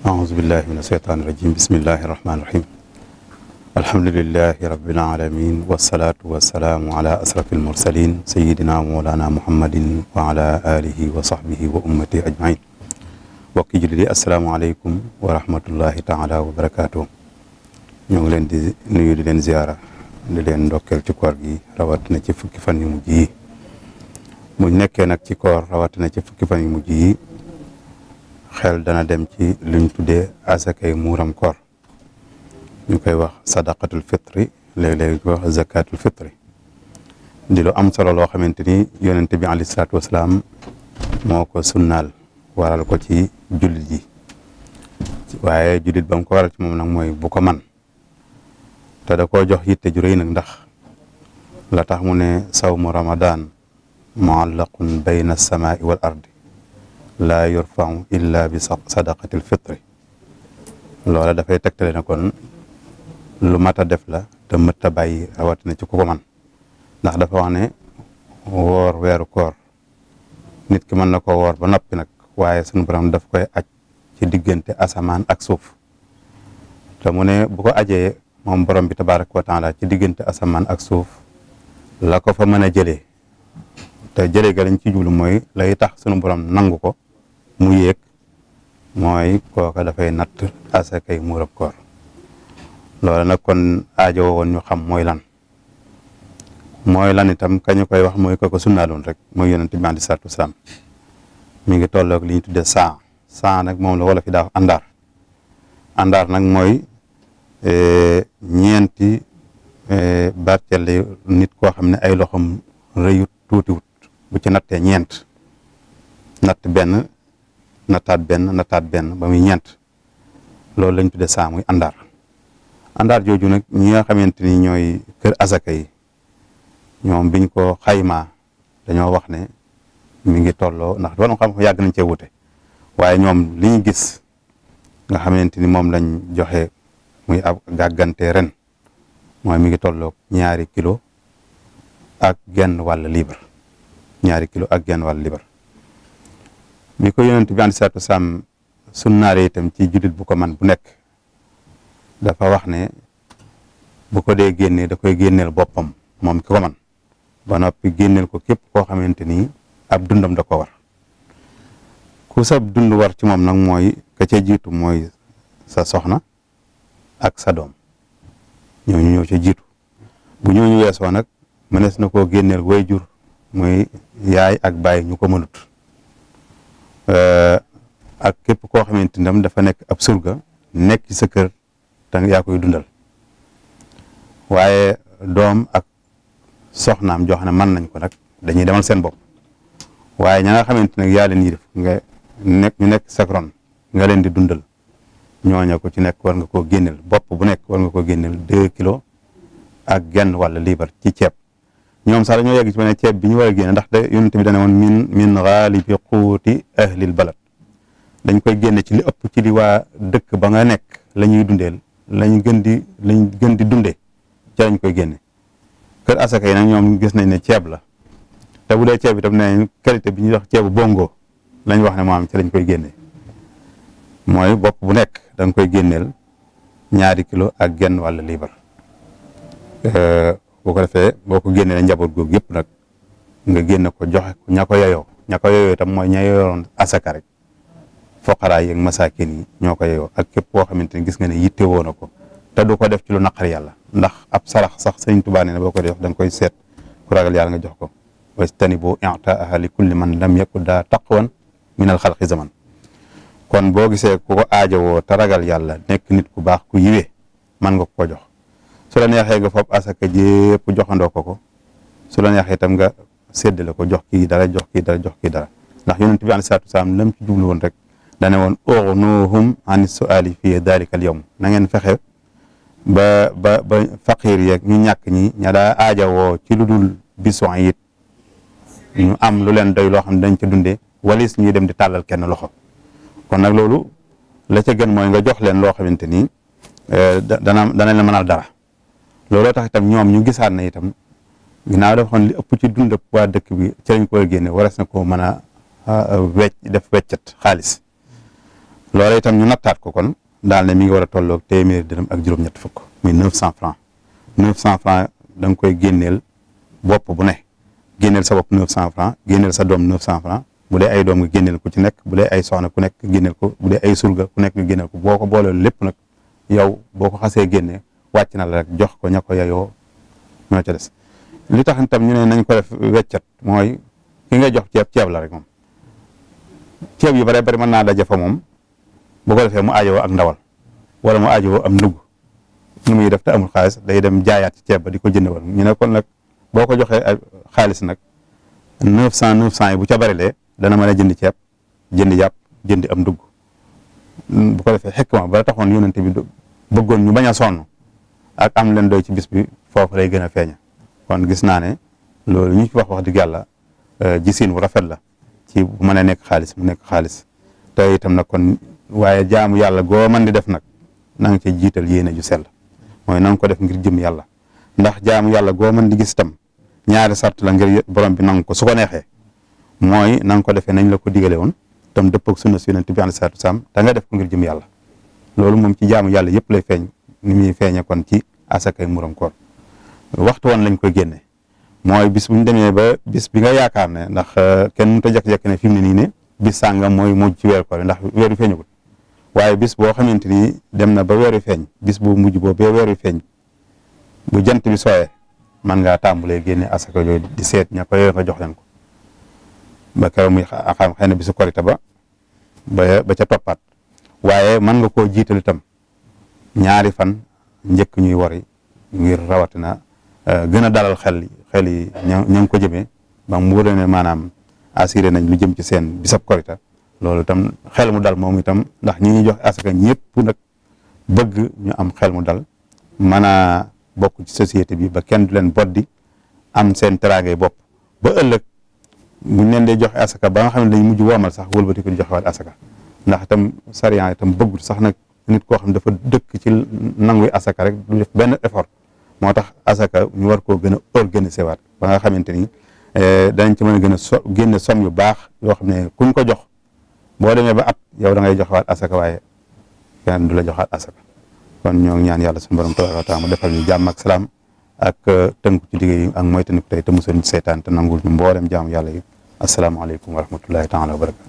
ahousubillah min asheytaan irajim bismillahi irrahmani irahim alhamdulilahi rabilalamin wasalatu wasalaamu ala asrafi almursalin sayidina moolana muhammadin wa ala alihi wa sahbihi wa ummati ajmain mbokki jullit yi asalaamualeykum wa rahmatullahi taala wa barakatuh ñoo ngi leen di nuyu di leen ziyaara di leen ndokkeel ci koor gi rawatina ci fukki fan yu mujj yi mu nekkee nag ci koor rawatina ci fukki fan yu mujj yi xel dana dem ci luñ tuddee asakay muuram koor ñu koy wax sadaqatul fitri léeg-léeg ñu koy wax zakatul fitri di lu am solo loo xamante ni yonente bi alayhi salaatu wasalaam moo ko sunnaal waral ko ci jullit yi waaye julit ba mu ko waral ci moom nag mooy bu ko man te da koo jox yitte ju rëy nag ndax la tax mu ne sawmu ramadan muallaqun bayna alsamai wal ardi laa yurfau illa bi sadaqatil fitri loola dafay tele na kon lu mat a def la te mët a bàyyi rawatina ci ku ko man ndax dafa wax ne woor weeru koor nit ki mën na ko woor ba noppi nag waaye sunu borom daf koy aj ci diggante asamaan ak suuf te mu ne bu ko ajee moom borom bi tabaraka wa taala ci diggante asamaan ak suuf la ko fa mën a jëlee te jëlee ga lañ ci jublu mooy lay tax sunu borom nangu ko mu yéeg mooy kooka dafay natt asakay muurab koor loola nag kon aajo woon ñu xam mooy lan mooy lan itam kañu koy wax mooy kooka sunnaaloon rek mooy yonent bi aleyhi salaatu mi ngi tolloog li ñu tuddee saa nag moom la wala fi daa àndaar àndaar nag mooy e, ñeenti e, barkel nit koo xam ne ay loxom rëyut tuutiwut bu ci nattee ñeent natt benn nattaat benn nattaat benn ba muy ñeent loolu lañ de saa muy àndaar àndaar jooju nag ñi nga xamante ni ñooy kër asaka ñoom biñ ko xaymaa dañoo wax ne mi ngi tolloo ndax borom xam-xam yàgg nañ cee wute waaye ñoom li ñu gis nga xamante ni moom lañ joxe muy ab gàggante ren mooy mi ngi tolloo ñaari kilo ak genn wàll libre ñaari kilo ak genn wàll libre mi ko yonent bi sallallahu alayhi wa sallam sunnaale itam ci jullit bu ko man bu nekk dafa wax ne bu ko dee génnee da koy génneel boppam moom ki ko man ba noppi génneel ko képp koo xamante ni ab dundam da ko war ku sab dund war ci moom nag mooy ka ca jiitu mooy sa soxna ak sa doom ñooñu ñoo ca jiitu bu ñoo ñooñu weesoo nag mënees na koo génneel way jur muy yaay ak baay ñu ko mënut Euh, ak képp koo xamante ni tam dafa nekk ab surga nekk ci sa kër te yaa koy dundal waaye doom ak soxnaam joo xam ne mën nañ ko nag dañuy demal seen bopp waaye ña nga xamante nag yaa leen yilif nga nekk ñu nekk sakron nga leen di dundal ñooña ko ci nekk war nga koo génneel bopp bu nekk war nga ko génneel deux kilo ak genn wàll liibar ci ceeb ñoom sax dañoo yegg ci ne ceeb bi ñu war a génne ndax de yonent bi dane woon min min xaalibi quuti ahlil balad dañ koy génne ci li ëpp ci li waa dëkk ba nga nekk la ñuy dundeel lañ gën di lañ gën di dundee ca lañ koy génne kër asaka yi nag ñoom gis nañ ne ceeb la te bu dee ceeb bi tam ne qualité bi ñuy wax ceebu bongo lañ wax ne maam ci lañ koy génne mooy bopp bu nekk da nga koy génneel ñaari kilo ak genn wàll liibar boo ko defee boo ko génnee njaboot googu yëpp nag nga génne ko joxe ko ña ko yeyoo ña ko yeyoo tam mooy ña yeyoo asaka rek foqaraa yeeg masaakin yi ñoo ko yeyoo ak képp koo xamante ni gis nga ne yitte woo na ko te du ko def ci lu naqar yàlla ndax ab sarax sax sëñ Tuubaa nee na boo ko def da nga koy seet ku ragal yàlla nga jox ko wajtanibu i'taaha li kulli man lam yakun daa taqwan min al xalqi zaman kon boo gisee ko ko aajowoo te ragal yàlla nekk nit ku baax ku yiwee mën nga ko jox su la neexee nga fob asaka jépp joxandoo ko ko su la neexee itam nga séddale ko jox kii dara jox ki dara jox kii dara ndax yonent bi aleyhi salaatu wasalaam lam ci jublu woon rek dane woon ughnuhum an su'aali fi dalika al yawm na ngeen fexe ba ba ba faqiir yeeg ñu ñàkk ñi ñada daa aajawoo ci lu dul bisu it ñu am lu leen doy loo xam ne dañ ca dundee walis ñuy dem di tàllal kenn loxo kon nag loolu la ca gën mooy nga jox leen loo xamante ni eh, dana dana leen mënal dara looloo tax itam ñoom ñu gisaat na itam ginnaaw dafa xam li ëpp ci dund ak waa dëkk bi ci lañ koy génne waras na ko mën a wecc def weccat xaalis loola itam ñu nattaat ko kon daal ne mi ngi war a tolloog téeméeri dërëm ak juróom-ñett fukk muy neuf cent franc neuf cent franc da koy génneel bopp bu ne génneel sa bopp neuf cent franc génneel sa doom neuf cent franc bu dee ay doom nga génneel ko ci nekk bu dee ay soxna ku nekk génneel ko bu dee ay surga ku nekk nga génneel ko boo ko booleel lépp nag yow boo ko xasee génne wàcc na la rek jox ko ña ko yayoo ñoo ca des li tax tam ñu ne nañ ko def weccat mooy ki nga jox ceeb ceeb la rek moom ceeb yi bare bari mën naa daje fa moom bu ko defee mu aajowoo ak ndawal wala mu aajowoo am ndugg nu muy def te amul xaalis day dem jaayaat ceeb ba di ko jënd ñu ne kon nag boo ko joxee xaalis nag neuf cent neuf yi bu ca barilee dana mën a jënd ceeb jënd yàpp jënd am dugg bu ko defee xekk ma ba taxoon yonent bi bëggoon ñu bañ a sonn ak am leen doy ci bis bi foofu lay gën a feeña kon gis naa ne loolu ñu ci wax wax dëgg yàlla euh, gisiin wu rafet la ci bu mën a nekk xaalis mu nekk xaalis te itam nag kon waaye jaamu yàlla goo mën di def nag na nga ci jiital yéene ju sell mooy na ko def ngir jëm yàlla ndax jaamu yàlla goo mën di gis itam ñaari sart la ngir borom bi nangu ko su ko neexee mooy na ko defee nañ la ko digale woon tam dëppoo ak sunna su yonent bi alayhi salaatu wasalaam te nga def ko ngir jëm yàlla loolu moom ci jaamu yàlla yëpp lay feeñ ni feeñe kon ci asakay muram koor waxtu woon lañ ko génne mooy bis bu ñu demee ba bis bi nga yaakaar ne ndax euh, kenn mun a jekk-jekk ne fi mu ne nii ne bis sàngam mooy mujj ci weeru koor ndax weeru feeñagul waaye bis boo xamante ni dem na ba weeru feeñ bis bu mujj boo ba weeru feeñ bu jant bi sooyee man ngaa tàmbalee génne asaka yooyu di seet ña ko yooyu nga jox leen ko ba keroog muy xam xëy na bisu korite ba ba ba ca toppaat waaye mën nga koo jiital itam ñaari fan njëkk ñuy wari ngir rawatina euh, gën a dalal xel xel yi ña ña ko jëmee ba mu wóor ne maanaam assuré nañ lu jëm ci seen bisab korita loolu itam xel mu dal moom itam ndax ñu ñuy joxe asaka ñëpp nag bëgg ñu am xel mu dal mën a bokk ci société bi ba kenn du leen boddi am seen teraangay bopp ba ëllëg buñ neen dee joxe asaka ba nga xam ne dañ mujj woomal sax wëlbati ko joxe waat asaka ndax itam sariya itam bëggul sax nag nit koo xam dafa dëkk ci nanguy asaka rek du benn effort moo tax asaka ñu war koo gën a organiser waat ba nga xamante ni eh, dañ ci mën a gën a so génne somme yu baax yoo xam ne kuñ ko jox boo demee ba at yow da ngay joxewaat asaka waaye kenn du la joxaat asaka kon ñoo ngi ñaan yàlla suñu borom tabaaraka wa taala mu defal ñu jàmm ak salaam ak eh, tënku ci liggéey yi ak moytandiku tey te musal ñu seytaan te nangul ñu mboolem jaamu yàlla yi asalaamaaleykum wa rahmatullahi taala wa barakatu